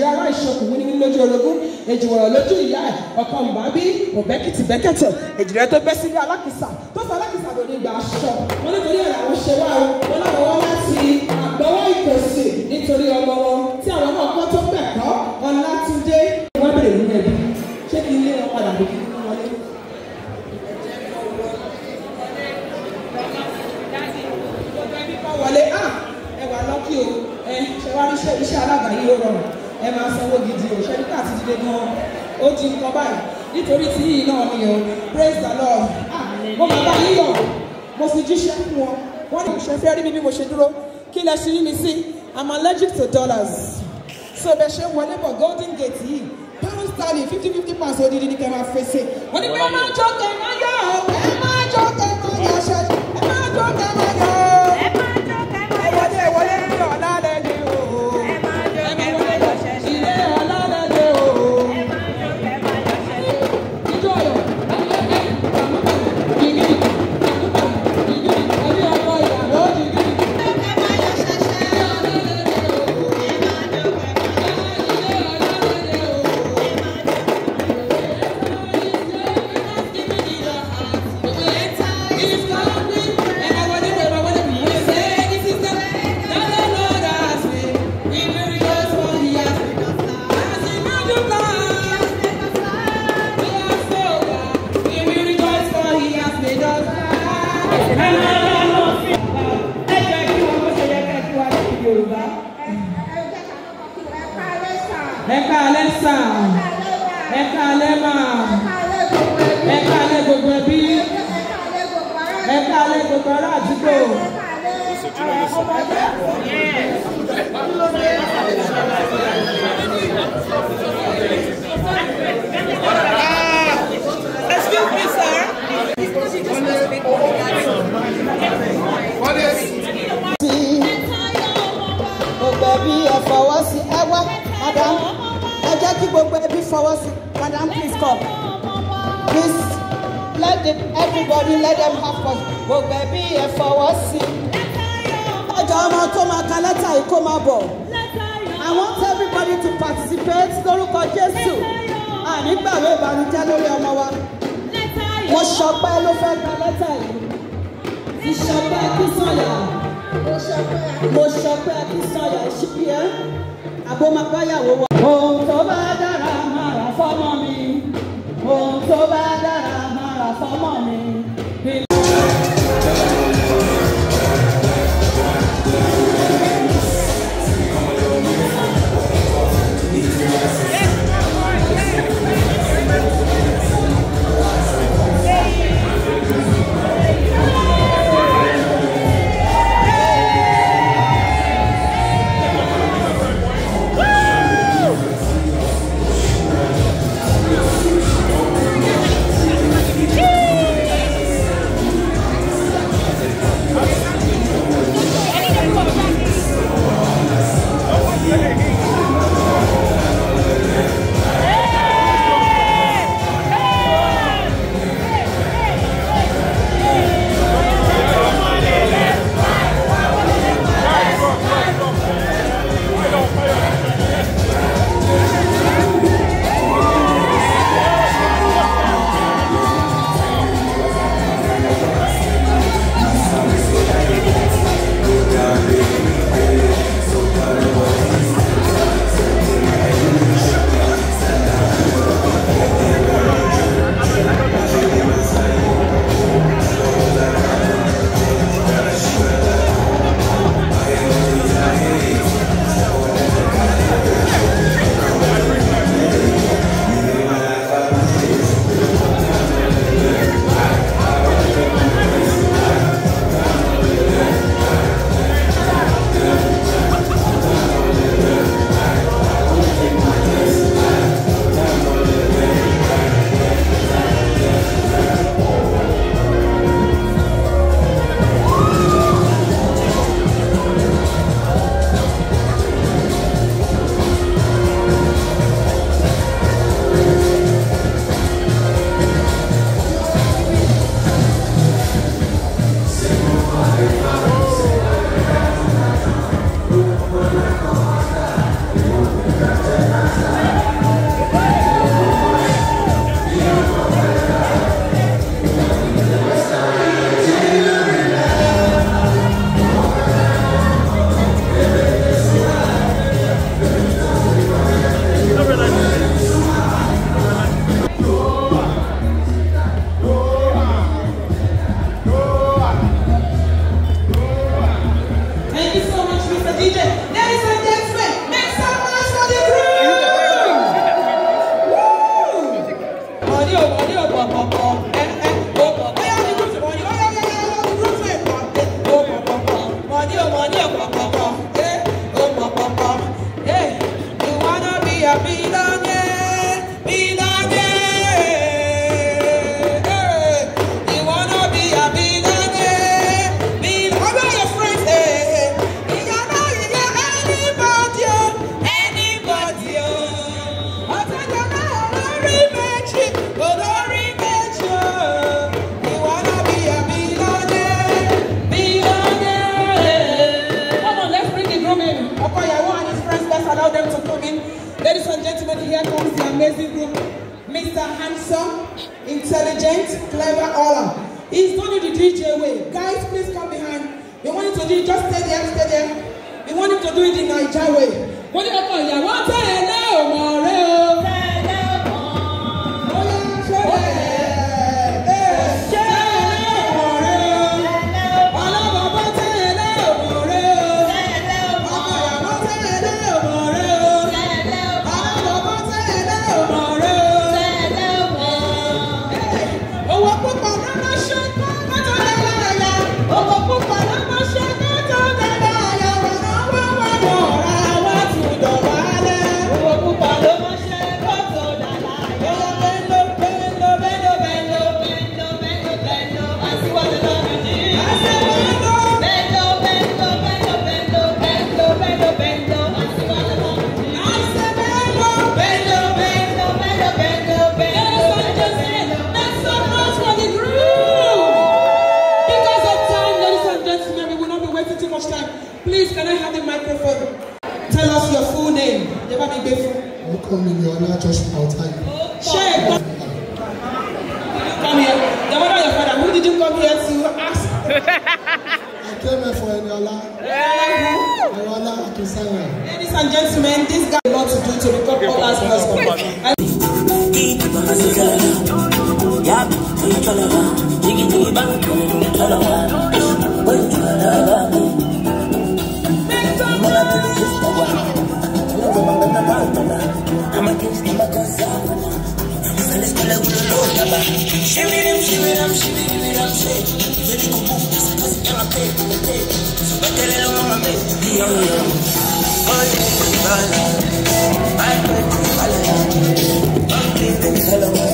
àṣírí ará ìṣokùnrin ní nínú ojú orogún lójú ìyá ẹ̀ ọ̀kan bá bí òbẹ́kìtì bẹ́kẹ̀tẹ̀ èjìrẹ́ tó bẹ́ sílé alákìsà tó sọ alákìsà lòdì ìgbà aṣọ wọn nítorí ẹ̀rọ àwọn ṣe wá o wọn láwọn wá láti àgbọ̀wọ́ ìkòsì nítorí ọmọ wọn tí àwọn náà kọ́ tó pẹ̀kọ́ ọ̀làtúndé ṣe wá rí iṣẹ́ alábàáyé ó rọrùn ẹ máa sanwó gidi o ṣe nígbà tí dídé gan ó di nǹkan báyìí nítorí tí yìí náà ni o praise the lord ah, mo máa bá yíyọ mo fi jíṣẹ́ fún wọn wọ́n ní ìṣẹ́ fẹ́ rí mi bí mo ṣe dúró kí lẹ ṣe rí sí i'm allergic to dollars so bẹ ṣe wọlé bọ̀ golden gate yìí pound sterling fifty fifty pounds odidi ni kẹ́ máa fèsì wọ́n ní bí wọ́n máa ń máa. ẹbí ẹ fọwọ́ sí ẹ wá madam ẹ jẹ́ kí gbogbo ẹbí fọwọ́ sí madam please come please let the, everybody let them have fun gbogbo ẹbí ẹ fọwọ́ sí ọmọ tó máa ka lẹ́tà yìí kó máa bọ̀. I want everybody to participate lórúkọ Jésù. Àní gbàgbé ìbànújẹ́ lórí ọmọ wa. Mo ṣọpẹ́ ló fẹ́ ka lẹ́tà yìí. Ti ṣọpẹ́ Akínsọ̀yà. Mo ṣọpẹ́ Akínsọ̀yà ìṣípìẹ́. Àbó máa báyàwó wa. Ohun tó bá dára máa rà fọ́mọ mi. Ohun tó bá dára máa rà fọ́mọ mi. intelligent, clever, all that. He's not in the DJ way. Guys, please come behind. We want you to do it, just stay there, stay there. We want you to do it in Niger way. What do you call it? What's that? No, come in your honor church outside. ṣé ẹ̀kọ́ come here the mother of your father who did you come here to ask. I came here for Eniola. Eniola Akosanya. Ladies and gentlemen, this guy a lot to do to become all as possible. Yàbí, oyè tọ́lọ̀ wa, jìgìdì bá ń kọ́ ọ́ tọ́lọ̀ wa. against them, I got Zabana. And it's called a good Lord, Abba. Shimmy, shimmy, shimmy, shimmy, shimmy. Very good book, because it's my pay, my pay. But tell it all, my man. Yo, yo. Oh, yeah, Zabana. I'm going to Zabana. I'm going to Zabana.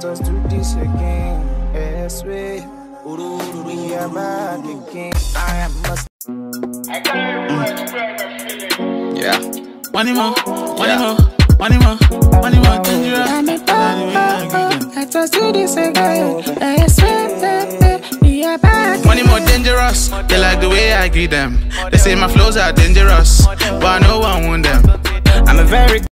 put us do this again. Yes, we, we are back again. I am must. Yeah. Money more, money more, money more, money more dangerous. this again. Yes, we Money more dangerous. They like the way I greet them. They say my flows are dangerous, but I know I them. I'm a very